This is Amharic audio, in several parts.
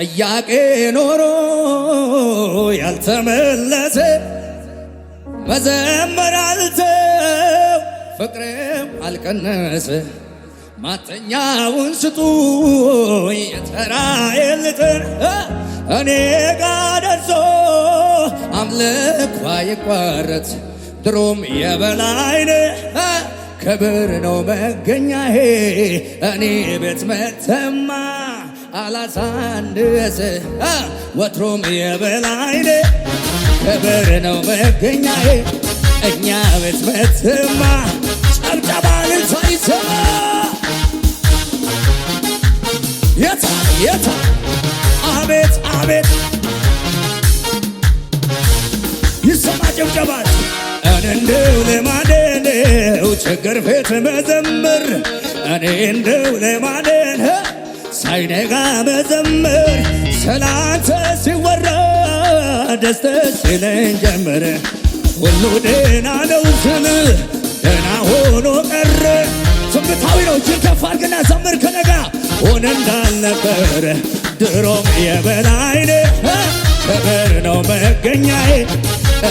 ጥያቄ ኖሮ ያልተመለሰ መዘመር አልተው ፍቅርም አልቀነሰ ማተኛውን ስጡ የተራዬን እኔ ጋ ደርሶ አምልኳ ይቋረት ድሮም የበላይነ ክብር ነው መገኛዬ እኔ ቤት መተማ አላሳንስ ወትሮም የበላይ ክብር ነው መገኛዬ እኛ ቤት መትማ ጨብጨባልን ሳይሰማ የታ የታ አቤት አቤት ይሰማ ጨብጨባል እኔ እንደው ልማዴ ነው ችግር ፊት መዘምር እኔ እንደው ልማዴ ሳይነጋ መዘምር ስላንተ ሲወራ ደስተ ሲለኝ ጀምር ሁሉ ደህና ነው ስል ደህና ሆኖ ቀረ። ትንቢታዊ ነው። እጅን ከፍ አድርግና ዘምር ከነጋ ሆነ እንዳልነበረ ድሮም የበላይነ ክብር ነው መገኛዬ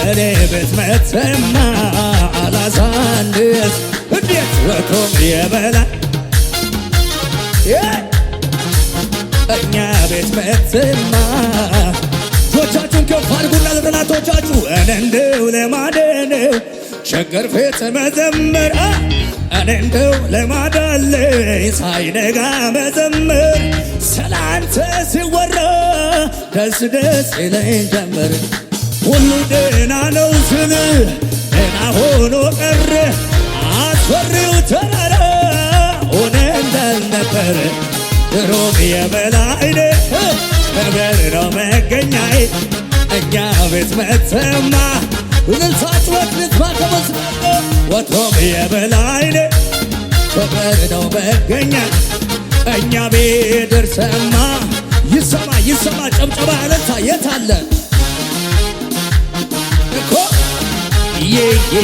እኔ ቤት መተማ አላሳንስ እንዴት የበላይ እኛ ቤት ፈትና እጆቻችሁን ከፍ አድርጉና ለጠላቶቻችሁ እንደው ለማደነው ሸገር ፊት መዘምር እንንደው ለማዳለ ሳይነጋ መዘምር ስላንተ ሲወራ ደስ ደስ ይለኝ ጀመር ሁሉ ደህና ነው ስል ደህና ሆኖ ቀረ አስፈሪው ተራራ ሩቅ የበላይኔ ክብር ነው መገኛዬ እኛ ቤት መተማ ልልሳት ወክልት ባተመስ ወቶም የበላይኔ ክብር ነው መገኛ እኛ ቤት ደርሰማ ይሰማ ይሰማ ጨብጨባ እልልታ የት አለ እኮ ዬ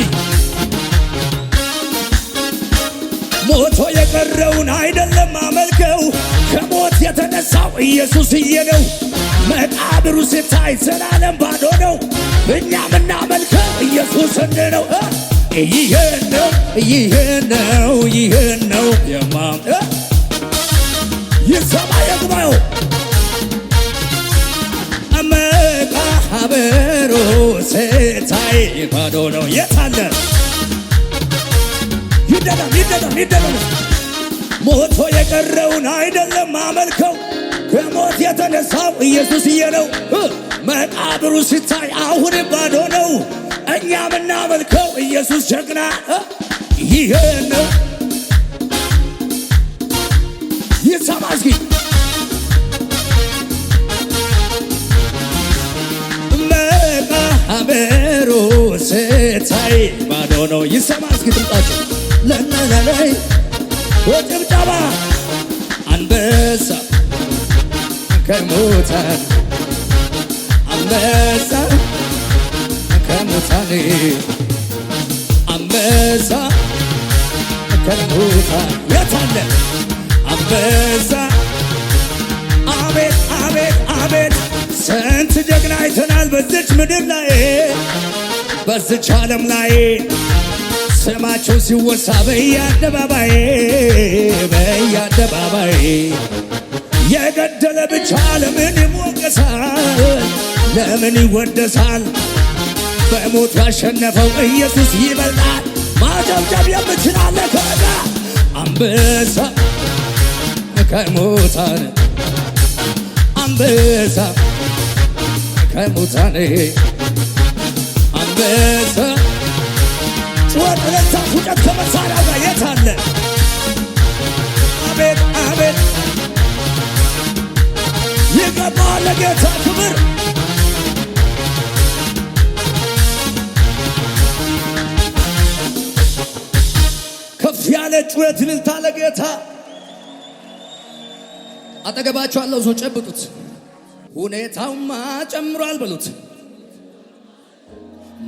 አመስግን። ሞቶ የቀረውን አይደለም አመልከው፣ ከሞት የተነሳው ኢየሱስዬ ነው። መቃብሩ ሲታይ ዘላለም ባዶ ነው። እኛ ምናመልከው ኢየሱስን ነው። ይሄ ነው ይሄ ነው ይሄ ነው የማ ይሰማ የጉባኤው ከበሮ ስታይ ባዶ ነው። የታለ ይደለም ይደለም ይደለም ሞቶ የቀረውን አይደለም አመልከው ከሞት የተነሳው ኢየሱስዬ ነው። መቃብሩ ሲታይ አሁን ባዶ ነው። እኛ ምናመልከው ኢየሱስ ጀግና ይሄ ነው። ይሰማ እስኪ ከበሮ ስታይ ባዶ ነው። ይሰማ እስኪ ድምጣቸው ለናናይ ወጭብጨባ አንበሳ ከሙታን አንበሳ ከሙታን አንበሳ ከሙታን የታለ አንበሳ አቤት አቤት አቤት ስንት ጀግና አይተናል በዚች ምድር ላይ በዚች ዓለም ላይ ስማቸው ሲወሳ በየአደባባይ በየአደባባይ የገደለ ብቻ ለምን ይሞገሳል? ለምን ይወደሳል? በሞት ያሸነፈው ኢየሱስ ይበልጣል። ማጨብጨብ የምችላለ ከዛ አንበሳ ከሞታን አንበሳ ከሙታኔ አንበሳ ወደለታ ፉጨት ከመሳሪያ ጋር የት አለ? አቤት አቤት ይገባል ለጌታ ክብር ከፍ ያለ ጩኸት እልልታ ለጌታ አጠገባቸው አለው ሰው ጨብጡት ሁኔታውማ ጨምሯል በሉት፣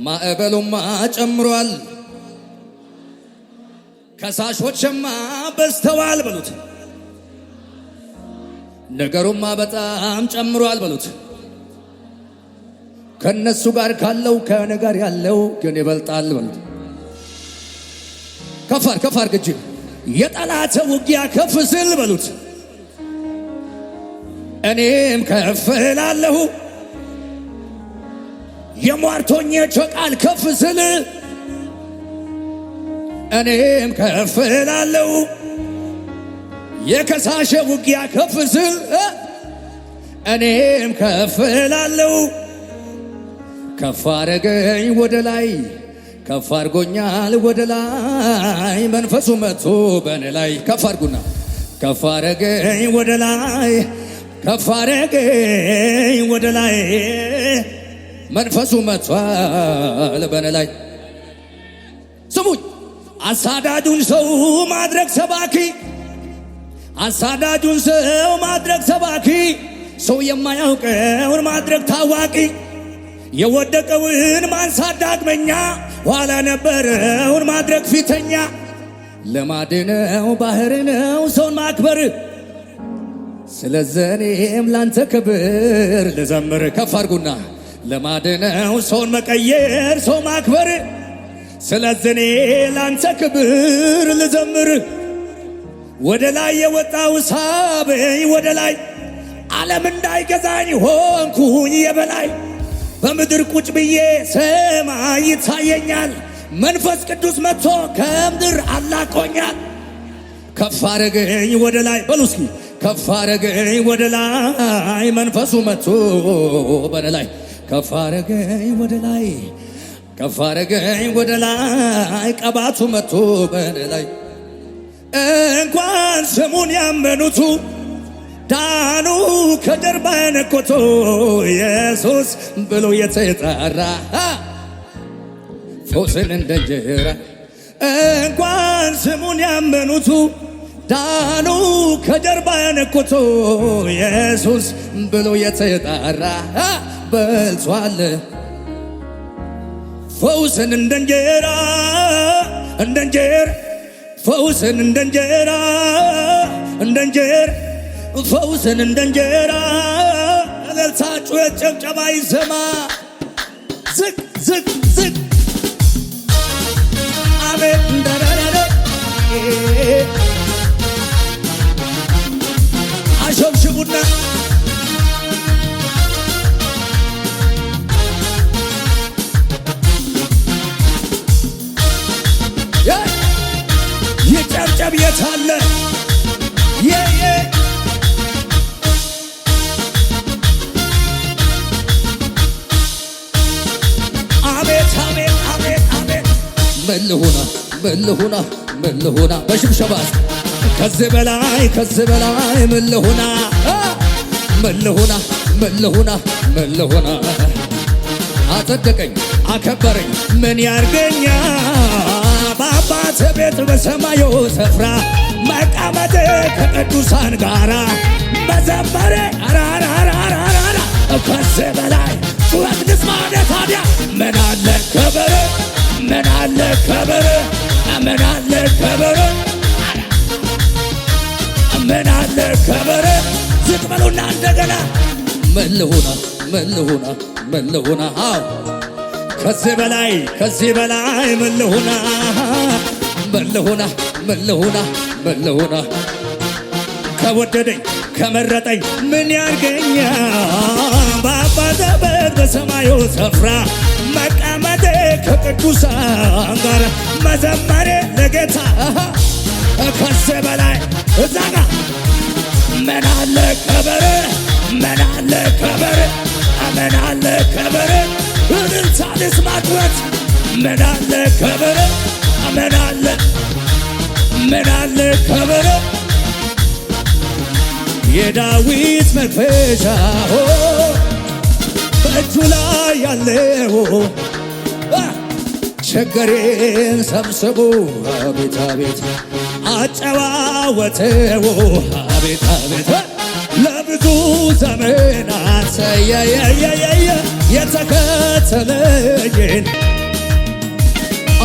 ማዕበሉማ ጨምሯል፣ ከሳሾችማ በዝተዋል በሉት፣ ነገሩማ በጣም ጨምሯል በሉት። ከነሱ ጋር ካለው ከእኔ ያለው ግን ይበልጣል በሉት። ከፋር ከፋር ግጅ የጠላተ ውጊያ ከፍ ስል በሉት እኔም ከፍ እላለሁ። የሟርቶኞች ቃል ከፍ ስል እኔም ከፍ እላለሁ። የከሳሸ ውጊያ ከፍ ስል እኔም ከፍ እላለሁ። ከፍ አረገኝ ወደ ላይ ከፍ አርጎኛል ወደ ላይ መንፈሱ መጥቶ በእኔ ላይ ከፍ አርጉና ከፍ አረገኝ ወደ ላይ ከፍ አረገኝ ወደ ላይ መንፈሱ መጥቷል በነ ላይ ስሙኝ አሳዳጁን ሰው ማድረግ ሰባኪ አሳዳጁን ሰው ማድረግ ሰባኪ ሰው የማያውቀውን ማድረግ ታዋቂ የወደቀውን ማንሳት ዳግመኛ ኋላ ነበረውን ማድረግ ፊተኛ ልማድ ባህር ነው ሰውን ማክበር ስለዚህ ላንተ ክብር ልዘምር ከፍ አድርጉና ለማድነው ሰውን መቀየር ሰው ማክበር ስለዚህ ላንተ ክብር ልዘምር ወደ ላይ የወጣው ሳበኝ ወደ ላይ ዓለም እንዳይገዛኝ ሆንኩኝ የበላይ በምድር ቁጭ ብዬ ሰማይ ይታየኛል መንፈስ ቅዱስ መጥቶ ከምድር አላቆኛል ከፍ አረገኝ ወደ ላይ በሉ እስኪ ከፍ አረገኝ ወደ ላይ መንፈሱ መቶ በደ ላይ ከፍ አረገኝ ወደ ላይ ከፍ አረገኝ ወደ ላይ ቀባቱ መቶ በደ ላይ እንኳን ስሙን ያመኑቱ ዳኑ ከጀርባ የነኮቶ ኢየሱስ ብሎ የተጠራ ፈውስን እንደ እንጀራ እንኳን ስሙን ያመኑቱ ዳኑ ከጀርባ ያነኩቶ ኢየሱስ ብሎ የተጣራ በልቷል። ፈውስን እንደ እንጀራ እንደ እንጀራ ፈውስን እንደ እንጀራ እንደ እንጀራ ፈውስን እንደ እንጀራ እልልታችሁ የጭብጨባ ይሰማ ዝቅ ዝቅ ምን ልሁና ምን ልሁና ከዚህ በላይ ከዚህ በላይ ምን ልሁና ምን ልሁና ምን አከበረኝ ምን ያርገኛ በአባት ቤት በሰማዩ ስፍራ መቀመጤ ከቅዱሳን ጋራ መዘመሬ አራራራራራ ከዚህ በላይ ጩኸት ልስማነ ታዲያ ምን አለ ከበረ ምን አለ ከበረ አመናለ አለ ከበረ ምን ከበረ ዝቅ በሉና እንደገና ምን ልሁና ምን ልሁና ከዚህ በላይ ከዚህ በላይ ምን ልሁና ምን ልሁና ከወደደኝ ከመረጠኝ ምን ያርገኛ በአባ ዘበር በሰማዩ ስፍራ መቀመጤ ከቅዱሳን ጋር መዘመሬ ለጌታ ከሴ በላይ እዛ ጋ ምናለ ከበረ ምናለ ከበረ ምናለ ከበረ እልልታንስ ማድወት ምናለ ከበረ ምናለ ምናለ ከበረ የዳዊት መክፈሻ በእጁ ላይ ያለው ችግሬን ሰብስቡ አቤት አቤት አጨዋወተው አቤት አቤት ለብዙ ዘመናት የየየየየ የተከተለኝን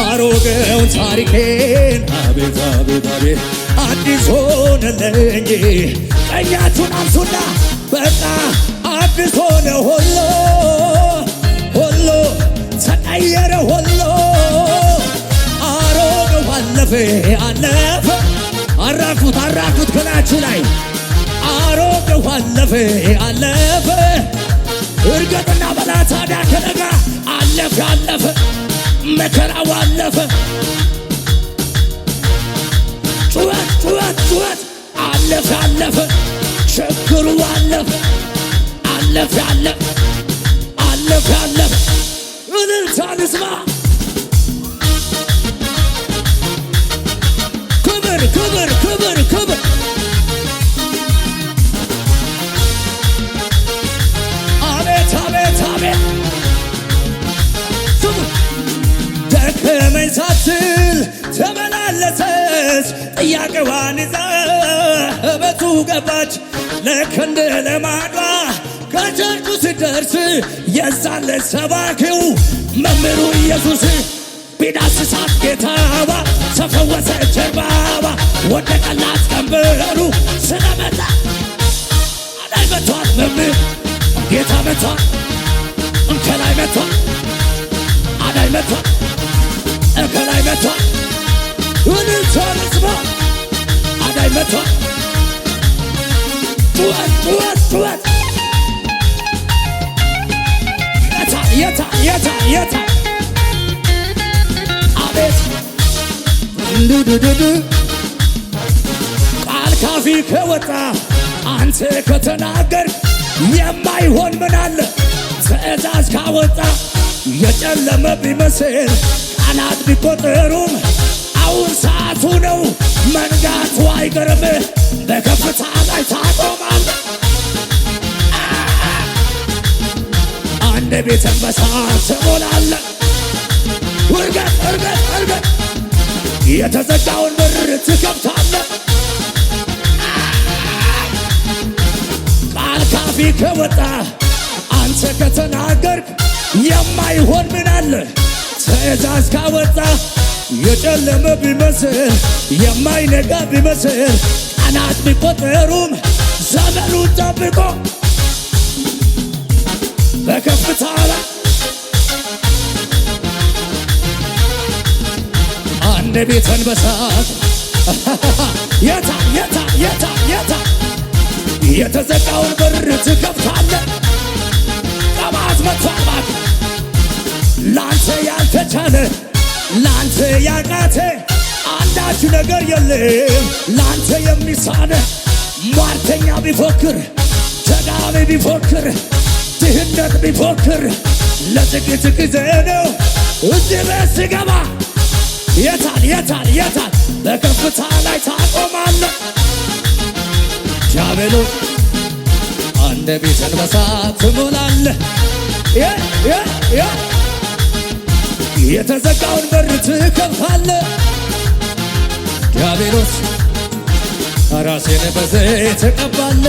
አሮጌውን ታሪኬን አቤት አቤት አቤት አዲስ ሆነልኝ ቀኛችሁን አንሱና በቃ አዲስ ሆነ ሆኖ አለፈ አለፈ አራኩት አራኩት ገላችሁ ላይ አሮጌው አለፈ አለፈ እርገጥና በላ ታዲያ ከነጋ አለፈ አለፈ መከራው አለፈ ጩኸት ጩኸት ጩኸት አለፈ አለፈ ችግሩ አለፈ አለፈ አለፈ አለፈ አለፈ እልልታ ንስማ ክብር ክብር ክብር ክብር አቤት አቤት አቤት ክብር ደከመኝ ሳትል ተመላለሰች ጥያቄዋን ይዛ እቤቱ ገባች ልክ እንደ ከቸርቹ ስደርስ የዛን ሰባኪው መምህሩ ኢየሱስ ቢዳስሳት ጌታዋ ተፈወሰ ጀርባባ ወደቀላት ቀንበሩ ስለመጣ አላይ መቷል መምህር ጌታ መቷል እንከላይ መቷል አላይ መቷል እንከላይ መቷል ውንቶልስሞ አላይ መቷል ጩኸት ጩኸት ጩኸት የታ የታ የታ የታ ቤት ቃል ካፊ ከወጣ አንተ ከተናገር የማይሆን ምን አለ? ትእዛዝ ካወጣ የጨለመ ቢመስል ቀናት ቢቆጠሩም አሁን ሰዓቱ ነው መንጋቱ አይገርም። በከፍታ ላይ ታቆማል። አንድ ቤተ መሳት ትሞላለን እርገጥ እርገጥ እርገጥ የተዘጋውን በር ትከፍታለ። ቃል ካፊ ከወጣ አንተ ከተናገርክ የማይሆን ምን አለ? ትእዛዝ ካወጣ የጨለመ ቢመስል የማይነጋ ቢመስል ቀናት ቢቆጠሩም ዘመኑ ጠብቆ በከፍታ ላይ እንደ ቤት በሳት የታ የታ የታ የታ የተዘጋውን በር ትከፍታለ። ቀባት መቷባት ላንተ ያልተቻለ ላንተ ያቃተ አንዳች ነገር የለም ላንተ የሚሳነ ሟርተኛ ቢፎክር ተጋሚ ቢፎክር ድህነት ቢፎክር ለጥቂት ጊዜ ነው እዚህ ቤት ስገባ የታል የታል የታል በከፍታ ላይ ታቆማለ ጃቤሎ አንደ ቤትን በሳት ትሞላለ የተዘጋውን በር ትከፍታለ ጃቤሎስ ራሴን በዘይት ተቀባለ